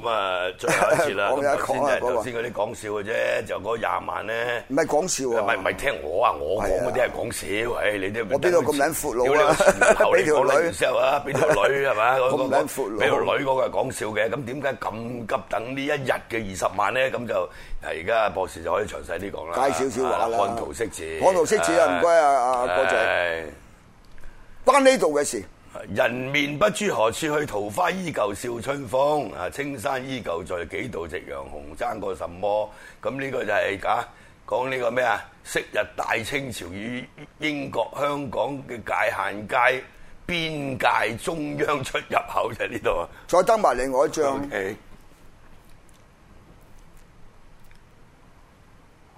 咁啊，最後一次啦。咁先，頭先嗰啲講笑嘅啫，就嗰廿萬咧。唔係講笑啊！唔係唔係聽我啊！我講嗰啲係講笑。唉，你都我邊度咁撚闊佬啊？俾條女，邊條女係嘛？邊條女係嘛？咁撚闊佬。俾條女嗰個係講笑嘅。咁點解咁急等呢一日嘅二十萬咧？咁就係而家博士就可以詳細啲講啦。介紹少話啦。看圖識字。看圖識字啊！唔該啊啊，郭仔。關呢度嘅事。人面不知何處去，桃花依舊笑春風。啊，青山依舊在，幾度夕陽紅，爭過這這、就是、什麼？咁呢個就係講講呢個咩啊？昔日大清朝與英國香港嘅界限街邊界，中央出入口就係呢度。再登埋另外一張。OK。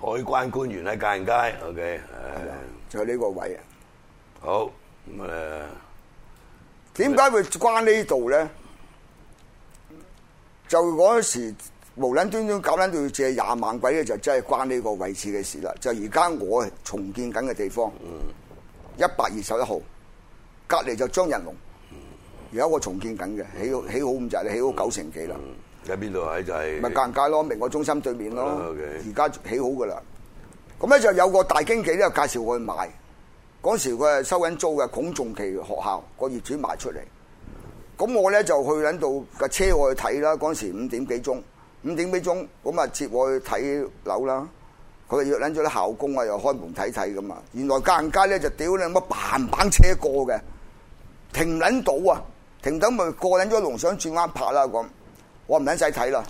海關官員喺界限街。OK。就呢、是、個位啊。好咁、呃點解會關呢度咧？就嗰時無捻端端搞捻到要借廿萬鬼咧，就真、是、係關呢個位置嘅事啦。就而家我在重建緊嘅地方，一百二十一號隔籬就張人龍，而家、嗯、我在重建緊嘅、嗯，起好起好咁就係你起好九成幾啦。喺邊度喺就係咪隔硬隔咯？明我中心對面咯，而家、okay. 起好噶啦。咁咧就有個大經紀咧介紹我去買。嗰時佢係收緊租嘅，孔仲期學校個業主賣出嚟，咁我咧就去撚度架車我去睇啦。嗰時五點幾鐘，五點幾鐘咁啊，接我去睇樓啦。佢約撚咗啲校工啊，又開門睇睇咁啊。原來間街咧就屌你乜，棒棒車過嘅，停唔撚到啊！停等咪過撚咗龍想轉彎拍啦咁。我唔撚使睇啦，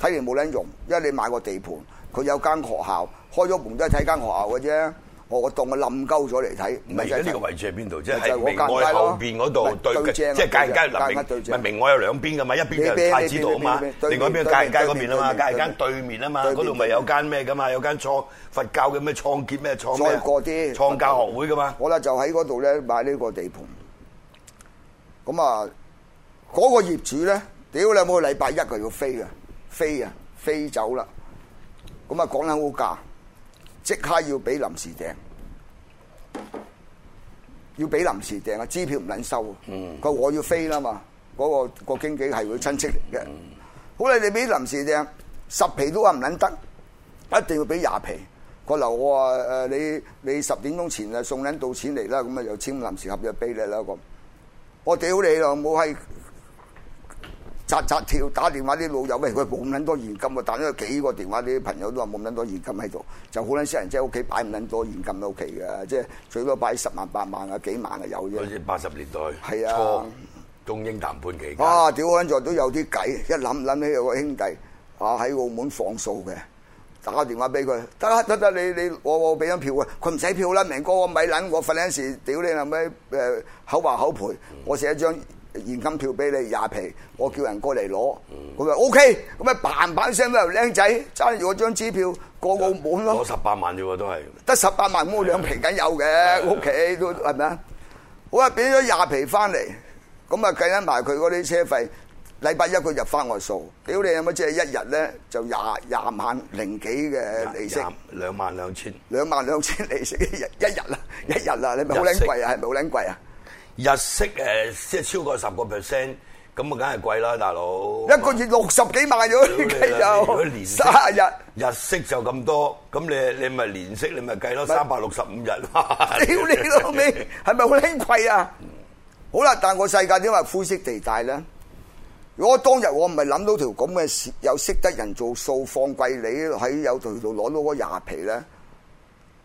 睇完冇撚用，因為你買個地盤，佢有間學校，開咗門都係睇間學校嘅啫。我個洞我冧鳩咗嚟睇，唔係呢個位置喺邊度？即係明愛後邊嗰度對，即係嘉賢街。明愛有兩邊噶嘛？一邊係太子道啊嘛。另外一邊嘉賢街嗰邊啊嘛？嘉賢街對面啊嘛？嗰度咪有間咩噶嘛？有間創佛教嘅咩創建咩創？再過啲創教學會噶嘛？我咧就喺嗰度咧買呢個地盤，咁啊，嗰個業主咧，屌你有冇禮拜一佢要飛啊，飛啊，飛走啦。咁啊，講緊屋價。即刻要俾臨時訂，要俾臨時訂啊！支票唔撚收，佢我要飛啦嘛！嗰個個經紀係佢親戚嚟嘅，好啦，你俾臨時訂十皮都話唔撚得，一定要俾廿皮。個樓我話誒，你你十點鐘前啊送撚到錢嚟啦，咁啊就簽臨時合約俾你啦咁。我屌你咯，冇閪！扎扎跳，打電話啲老友喂，佢冇咁多現金啊！打咗幾個電話啲朋友都話冇咁多現金喺度，就好撚少人即係屋企擺唔撚多現金喺屋企嘅，即係最多擺十萬八萬啊，幾萬啊有嘅。八十年代啊，初中英談判期間，哇、啊！屌撚座都有啲計，一諗諗起有個兄弟啊喺澳門放數嘅，打電話俾佢得得得，你你我我俾張票啊。佢唔使票啦，明哥我咪撚我訓陣時，屌你後屘誒口話口賠，我寫一張。現金票俾你廿皮，我叫人過嚟攞，佢話 O K，咁咪嘭嘭聲嗰條僆仔揸住我張支票過澳門咯。攞十八萬啫，都係得十八萬蚊兩皮梗有嘅屋企都係咪啊？我啊俾咗廿皮翻嚟，咁啊計緊埋佢嗰啲車費，禮拜一佢入翻我數，屌你有冇即係一日咧就廿廿萬零幾嘅利息，兩萬兩千，兩萬兩千利息一日一日啦，一日啦，你咪好撚貴啊，係咪好撚貴啊？日息誒，即係超過十個 percent，咁啊，梗係貴啦，大佬！一個月六十幾萬咗，你計就年卅日日息就咁多，咁你你咪年息，你咪計多三百六十五日。屌你老味，係咪好輕貴啊？好啦，但係我世界點話灰色地帶咧？如果當日我唔係諗到條咁嘅事有識得人做數放貴你喺有度度攞到個廿皮咧，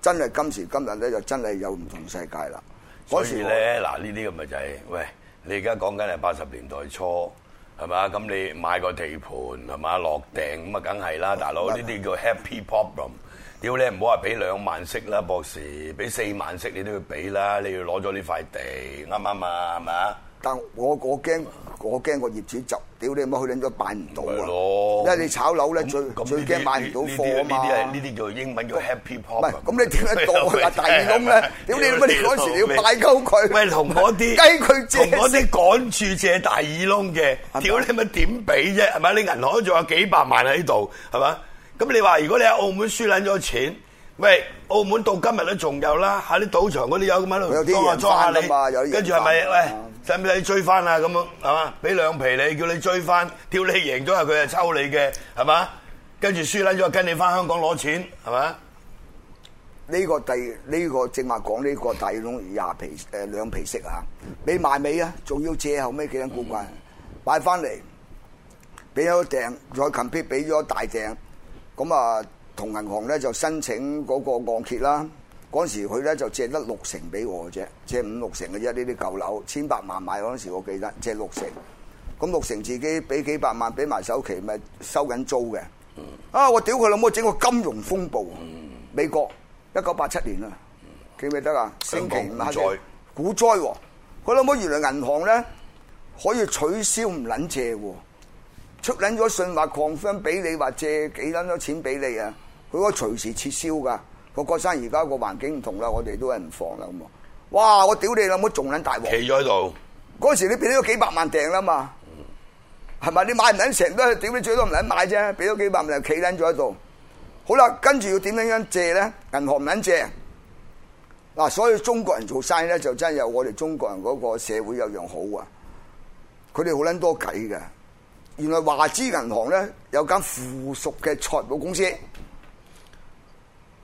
真係今時今日咧就真係有唔同世界啦。所以咧，嗱呢啲咁咪就係、是，喂，你而家講緊係八十年代初，係嘛？咁你買個地盤係嘛落訂，咁啊梗係啦，嗯、大佬呢啲叫 happy problem。屌你唔好話俾兩萬息啦，博士，俾四萬息你都要俾啦，你要攞咗呢塊地，啱唔啱啊？係嘛？但我我驚，我驚個業主就屌你乜去揾咗辦唔到啊！因為你炒樓咧，最最驚買唔到貨啊嘛。呢啲呢啲係呢啲叫英文叫 Happy Pop。唔係咁你點解攞個大耳窿咧？屌你乜你嗰時要拜鳩佢？唔係同嗰啲雞同嗰啲趕住借大耳窿嘅，屌你乜點畀啫？係咪？你銀行仲有幾百萬喺度係嘛？咁你話如果你喺澳門輸撚咗錢，喂澳門到今日都仲有啦，喺啲賭場嗰度有咁喺度裝下裝下你，跟住係咪喂？使唔使你追翻啊？咁樣，係嘛？俾兩皮你，叫你追翻，叫你贏咗，佢就抽你嘅，係嘛？跟住輸甩咗，跟你翻香港攞錢，係嘛？呢個第呢個正話講呢個大窿廿皮誒兩皮息啊！你買尾啊，仲要借後尾幾張股權買翻嚟，俾咗訂再 complete，俾咗大訂，咁啊同銀行咧就申請嗰個按揭啦。嗰時佢咧就借得六成俾我嘅啫，借五六成嘅啫。呢啲舊樓千百萬買嗰陣時，我記得借六成。咁六成自己俾幾百萬俾埋首期，咪收緊租嘅。啊！我屌佢老母，整個金融風暴。美國一九八七年啦，記唔記得啊？星期五黑。股災喎！佢老母原來銀行咧可以取消唔捻借喎，出捻咗信話確認俾你，話借幾捻多錢俾你啊！佢可以隨時撤銷㗎。個郭生而家個環境唔同啦，我哋都係唔放啦咁啊！哇，我屌你老母，仲捻大鑊！企咗喺度，嗰時你俾咗幾百萬訂啦嘛，係咪，嗯？你買唔捻成都屌你最多唔捻買啫，俾咗幾百萬就企捻咗喺度。好啦，跟住要點樣樣借咧？銀行唔捻借，嗱，所以中國人做生意咧就真係有我哋中國人嗰個社會有一樣好啊，佢哋好捻多計㗎。原來華資銀行咧有間附屬嘅財務公司。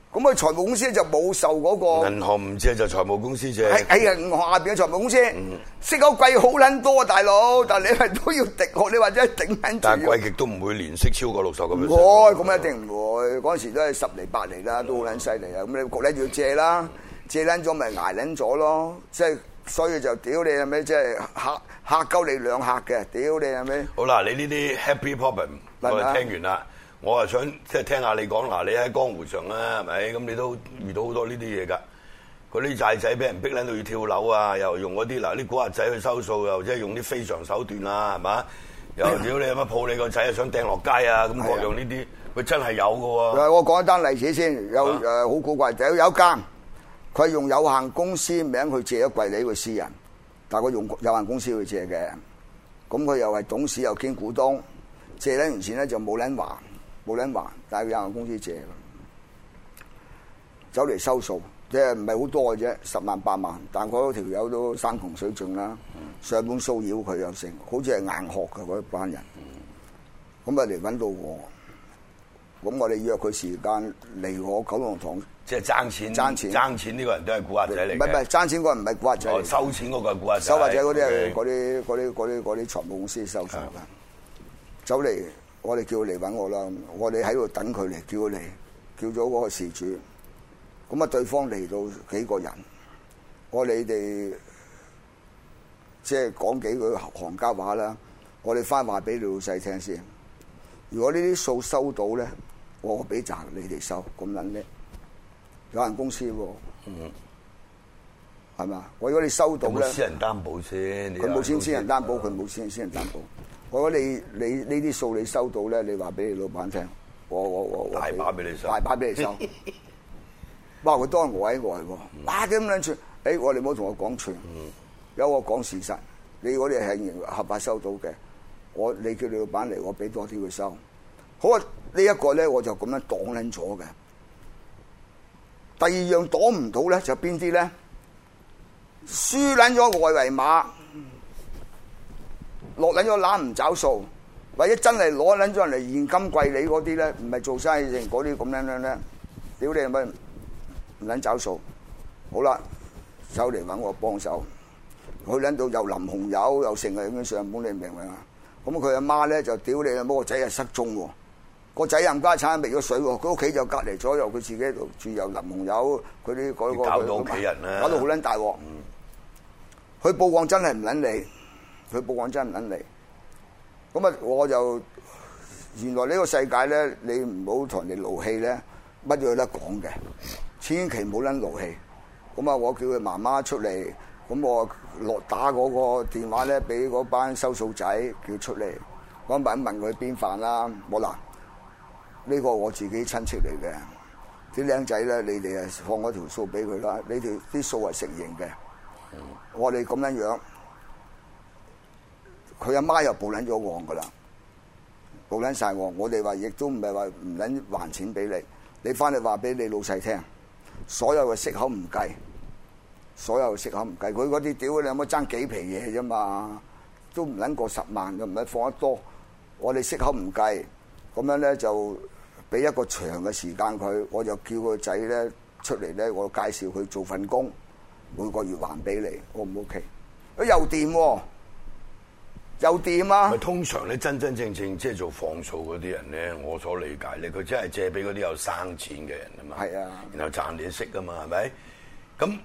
咁啊，財務公司就冇受嗰個。銀行唔借就財務公司借。喺喺銀行下邊嘅財務公司，息口貴好撚多啊，大佬！但係你都要頂，你或者頂撚。但係貴極都唔會連息超過六十咁樣。唔會，咁一定唔會。嗰陣時都係十厘、八厘啦，都好撚犀利啊！咁你焗撚要借啦，借捻咗咪挨捻咗咯？即係所以就屌你係咪？即係吓吓鳩你兩吓嘅，屌你係咪？好啦，你呢啲 Happy Problem 我哋聽完啦。我啊想即係聽下你講，嗱你喺江湖上啦，係咪咁你都遇到好多呢啲嘢㗎？嗰啲債仔俾人逼撚到要跳樓啊，又用嗰啲嗱啲古惑仔去收數，又即係用啲非常手段啊，係嘛？又屌、哎、呀你有乜抱你個仔啊，想掟落街啊？咁各樣呢啲，佢真係有嘅喎、哎。我講一單例子先，有誒好、啊呃、古怪，就有一間佢用有限公司名去借一櫃你個私人，但係佢用有限公司去借嘅，咁佢又係董事又兼股東、東，借撚完錢咧就冇撚還。冇撚還，但係有間公司借走嚟，收數，即係唔係好多嘅啫，十萬八萬。但嗰條友都山窮水盡啦，上門騷擾佢又成，好似係硬殼嘅嗰一班人。咁啊嚟，搵到我，咁我哋約佢時間嚟我九龍塘。即係爭錢，爭錢，爭錢呢個人都係古惑仔嚟。唔係唔係，爭錢嗰個唔係古惑仔。收錢嗰個係古惑仔。收或者嗰啲啊，嗰啲嗰啲嗰啲嗰啲財務公司收數啦，走嚟。我哋叫佢嚟揾我啦，我哋喺度等佢嚟，叫佢嚟叫咗嗰個事主，咁啊對方嚟到幾個人，我你哋即係講幾句行家話啦，我哋翻話俾你老細聽先。如果呢啲數收到咧，我俾責你哋收，咁捻叻，有限公司喎，嗯，係咪啊，我如果你收到咧，私人擔保先，佢冇錢，私人擔保，佢冇錢，私人擔保。啊我講你你呢啲數你收到咧，你話俾你老闆聽，我我我，我大把俾你收，大把俾你收。哇！佢當我係外喎，嗱咁捻串，誒、欸，我你唔好同我講串， 有我講事實，你嗰啲係合法收到嘅，我你叫你老闆嚟，我俾多啲佢收。好啊，這個、呢一個咧，我就咁樣擋捻咗嘅。第二樣擋唔到咧，就邊啲咧？輸捻咗個外圍碼。落捻咗攬唔找數，或者真係攞捻咗人嚟現金貴利嗰啲咧，唔係做生意成嗰啲咁樣樣咧，屌你係咪唔捻找數。好啦，走嚟揾我幫手，佢捻到又淋紅油又成啊！咁樣上門你明唔明啊？咁佢阿媽咧就屌你啊！個仔又失蹤喎，個仔又家產未咗水喎，佢屋企就隔離左右，佢自己喺度住又淋紅油，佢啲搞到屋企人咧，搞到好撚大鑊。嗯，佢報案真係唔撚理。佢報案真唔撚嚟，咁啊我就原來呢個世界咧，你唔好同人哋勞氣咧，乜嘢都得講嘅，千祈唔好撚勞氣。咁啊，我叫佢媽媽出嚟，咁我落打嗰個電話咧，俾嗰班收數仔叫出嚟，我問一問佢邊犯啦。我話呢個我自己親戚嚟嘅，啲靚仔咧，你哋啊放咗條數俾佢啦，你哋啲數係承認嘅，我哋咁樣樣。佢阿媽又暴撚咗案噶啦，暴撚晒案，我哋話亦都唔係話唔撚還錢俾你，你翻嚟話俾你老細聽，所有嘅息口唔計，所有嘅息口唔計，佢嗰啲屌你阿媽爭幾皮嘢啫嘛，都唔撚過十萬又唔係放得多，我哋息口唔計，咁樣咧就俾一個長嘅時間佢，我就叫個仔咧出嚟咧，我介紹佢做份工，每個月還俾你，O 唔 O K？佢又掂喎、啊。又點啊？通常咧，真真正正即係做放數嗰啲人咧，我所理解咧，佢真係借俾嗰啲有生錢嘅人啊嘛。係啊，然後賺你息啊嘛，係咪？咁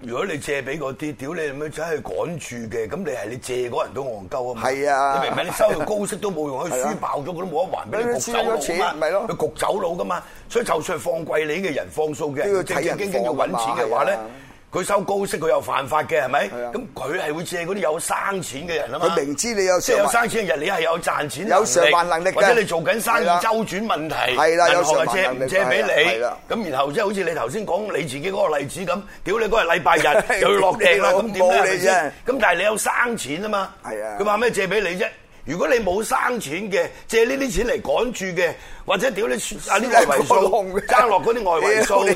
如果你借俾嗰啲屌你咁樣真係趕住嘅，咁你係你借嗰人都戇鳩啊嘛。係啊，你明唔明？你收入高息都冇用，佢輸爆咗佢是的 都冇得還俾你。輸咗錢咪咯，佢焗走佬噶嘛。所以就算係放貴利嘅人放數嘅，要正正經經,經,經要揾錢嘅話咧。對的 佢收高息，佢又犯法嘅，係咪？咁佢係會借嗰啲有生錢嘅人啊嘛。佢明知你有即係有生錢嘅人，你係有賺錢能力，有能力或者你做緊生意周轉問題，銀行是的 借唔借俾你？咁然後即係好似你頭先講你自己嗰個例子咁，屌你嗰日禮拜日又要落訂啦，咁點咧？咁但係你有生錢啊嘛？佢話咩借俾你啫？如果你冇生錢嘅，借呢啲錢嚟趕住嘅，或者屌你啊啲外圍數控，爭落嗰啲外圍數控，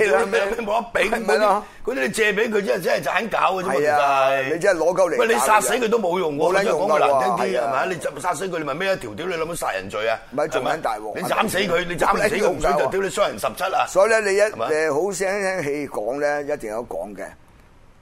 冇得比。嗰啲嗰啲你借俾佢真係真係盞搞嘅啫嘛，係咪？你真係攞鳩嚟？喂，你殺死佢都冇用嘅，我再講句難聽啲，係咪？你殺殺死佢，你咪咩一條？屌你諗唔諗殺人罪啊？咪仲揾大鑊？你斬死佢，你斬死佢，唔死就屌你傷人十七啊！所以咧，你一誒好聲聲氣講咧，一定有講嘅，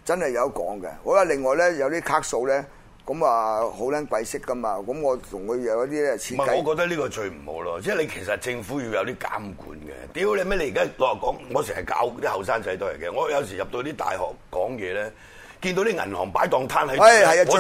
真係有講嘅。好啦，另外咧有啲卡數咧。咁啊，好撚鬼息㗎嘛？咁我同佢有一啲唔係，我覺得呢個最唔好咯，即係你其實政府要有啲監管嘅。屌你咩？你而家我話講，我成日教啲後生仔都係嘅。我有時入到啲大學講嘢咧。見到啲銀行擺檔攤喺度，我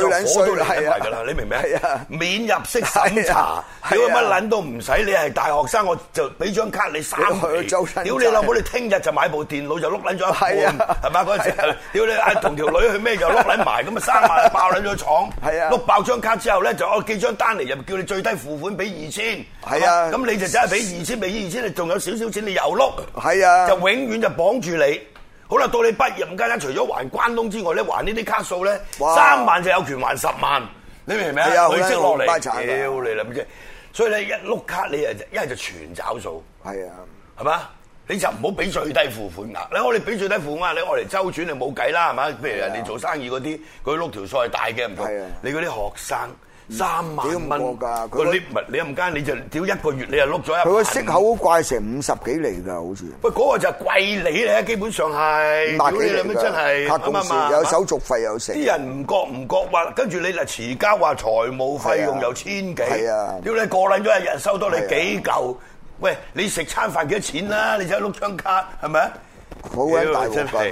有火都嚟緊埋㗎啦！你明唔明啊？免入息審查，屌乜撚都唔使！你係大學生，我就俾張卡你生肥。屌你老母！你聽日就買部電腦就碌撚咗一半，係嘛嗰陣時？屌你！同條女去咩就碌撚埋，咁啊生埋爆撚咗廠。係啊，碌爆張卡之後咧，就攞幾張單嚟又叫你最低付款俾二千。係啊，咁你就真係俾二千俾二千，你仲有少少錢你又碌。係啊，就永遠就綁住你。好啦，到你畢業，唔加加除咗還關東之外咧，還呢啲卡數咧，三萬就有權還十萬，你明唔明啊？係啊，佢息落嚟，屌你啦，咪所以你一碌卡，你啊一係就全找數，係啊，係嘛？你就唔好俾最低付款額，你我哋俾最低付款額，你我嚟周轉，你冇計啦，係嘛？譬如人哋做生意嗰啲，佢碌條數係大嘅唔同，你嗰啲學生。三萬蚊㗎，佢你唔係你唔驚，你就屌一個月你就碌咗一萬。佢個息口好怪，成五十幾釐㗎，好似。喂，嗰個就係貴你咧，基本上係。五十幾㗎。真係。客公司有手續費又成。啲人唔覺唔覺，話跟住你嗱遲交話財務費用又千幾。係啊。屌你個撚咗一日收多你幾嚿？喂，你食餐飯幾多錢啦？你走去碌張卡係咪啊？好鬼大隻鬼，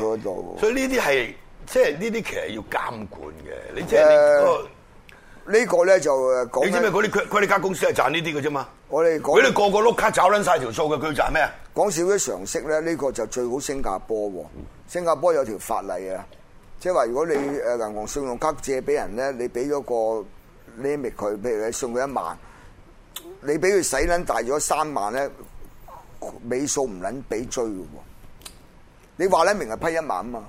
所以呢啲係即係呢啲其實要監管嘅。你即係。個呢個咧就誒，你知唔知啲佢佢哋間公司係賺呢啲嘅啫嘛？我哋佢、那個、你個個碌卡找捻晒條數嘅，佢賺咩啊？講少少常識咧，呢、呢個就最好新加坡、哦。新加坡有條法例啊，即係話如果你誒銀行信用卡借俾人咧，你俾咗個 limit 佢，譬如你送佢一萬，你俾佢使捻大咗三萬咧，尾數唔捻俾追嘅。你話咧，明係批一萬啊嘛？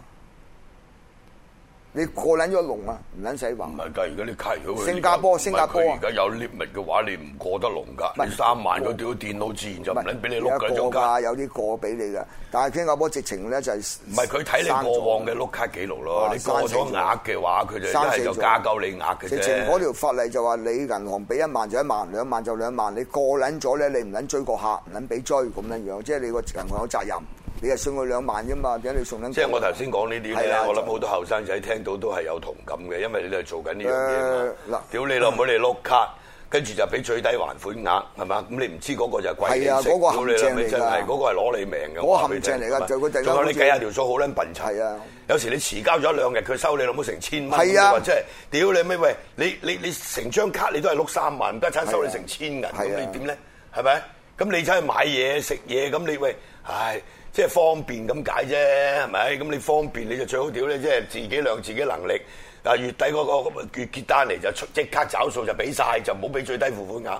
你過撚咗龍啊？唔撚使還？唔係㗎，而家你卡如果新加坡新加坡而家有 limit 嘅話，你唔過得龍㗎。三是萬嗰啲電腦自然是就唔撚俾你碌幾張㗎。有啲過俾你㗎，但係新加坡直情咧就係唔係佢睇你過往嘅碌卡記錄咯？啊、你過咗額嘅話，佢就係就加夠你額嘅。直情嗰條法例就話你銀行俾一萬就一萬，兩萬就兩萬。你過撚咗咧，你唔撚追個客，唔撚俾追咁樣樣，即係你個銀行有責任。你又送我兩萬啫嘛？點解你送兩萬？即係我頭先講呢啲啦。我諗好多後生仔聽到都係有同感嘅，因為你哋做緊呢樣嘢嗱，屌你老母，你碌卡，跟住就俾最低還款額係嘛？咁你唔知嗰個就係鬼利息陷阱嚟㗎。嗰個係攞你命㗎。嗰陷阱嚟㗎，就係仲有你計下條數好撚笨柒。係啊，有時你遲交咗一兩日，佢收你老母成千蚊。係啊，即係屌你咩？喂，你你你成張卡你都係碌三萬，得產收你成千銀，咁你點咧？係咪？咁你真係買嘢食嘢，咁你喂，唉～即係方便咁解啫，係咪咁？你方便你就最好屌咧，即係自己量自己能力啊。月底嗰個月結單嚟就即刻找數，就俾晒，就唔好俾最低付款額。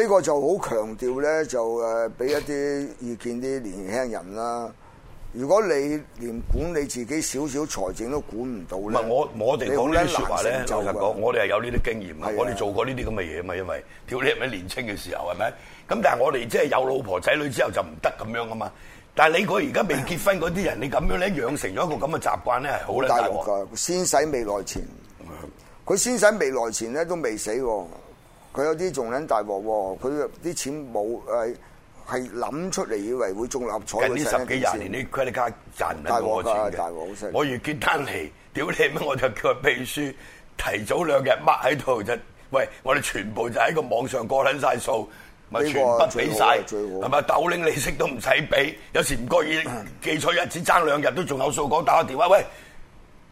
呢個就好強調咧，就誒俾、呃、一啲意見啲年輕人啦。如果你連管理自己少少財政都管唔到咧，唔係我我哋講呢啲説話咧，就係講我哋係有呢啲經驗啊，我哋做過呢啲咁嘅嘢啊嘛，因為屌你係咪年青嘅時候係咪？咁但係我哋即係有老婆仔女之後就唔得咁樣啊嘛。但係你嗰而家未結婚嗰啲人，你咁樣咧養成咗一個咁嘅習慣咧，好啦，大鑊先使未來錢，佢先使未來錢咧都未死喎，佢有啲仲捻大鑊喎，佢啲錢冇誒係諗出嚟以為會中六合彩，呢十幾廿年啲 credit 卡賺緊大鑊好嘅，我越結單嚟，屌你乜我，我就叫佢秘書提早兩日 mark 喺度啫，喂，我哋全部就喺個網上過捻晒數。咪全是不俾晒，係咪豆領利息都唔使俾？有時唔覺意記錯日子，爭、嗯、兩日都仲有數講，打個電話，喂，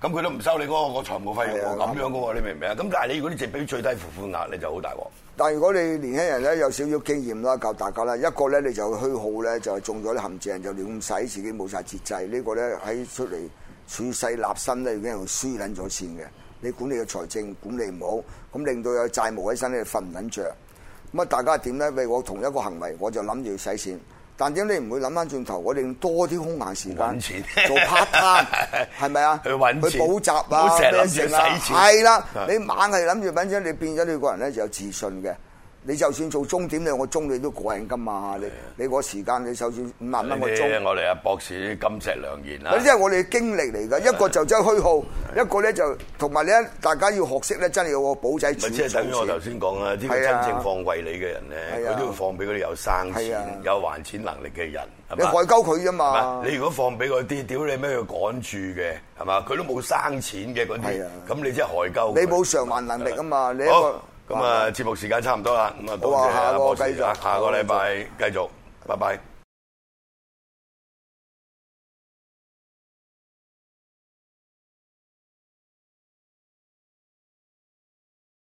咁佢都唔收你嗰個個財務費用喎，咁的樣嘅喎，的你明唔明啊？咁但係你如果你直俾最低付款額，你就好大鑊。但係如果你年輕人咧有少少經驗啦，教大家啦，一個咧你就虛耗咧就是、中咗啲陷阱，就亂使自己冇晒節制。個呢個咧喺出嚟處世立身咧已經係輸撚咗錢嘅。你管理嘅財政管理唔好，咁令到有債務喺身咧，瞓唔撚著。乜大家點咧？為我同一個行為，我就諗住要使錢。但點解你唔會諗翻轉頭？我哋用多啲空閒時間安全 做 part time，係咪啊？去揾錢，去補習啊！唔好成日諗住使錢。係啦、啊，你猛係諗住揾錢，的你變咗你個人咧就有自信嘅。你就算做鐘點兩個鐘，你都過癮㗎嘛。你你嗰個時間，你就算五萬蚊個鐘。我哋阿博士金石良言啦。嗰啲係我哋嘅經歷嚟噶，一個就真虛耗，一個咧就同埋你。大家要學識咧，真係有個保仔。處。咪即係等於我頭先講啊，啲真正放貴利嘅人咧，佢都要放俾嗰啲有生錢、有還錢能力嘅人。你害鳩佢啊嘛！你如果放俾嗰啲屌你咩要趕住嘅，係嘛？佢都冇生錢嘅嗰啲，咁你真係害鳩。你冇償還能力啊嘛！你一個。咁啊，節目時間差唔多啦，咁啊，多謝啊，博士，下個禮拜繼續，拜拜。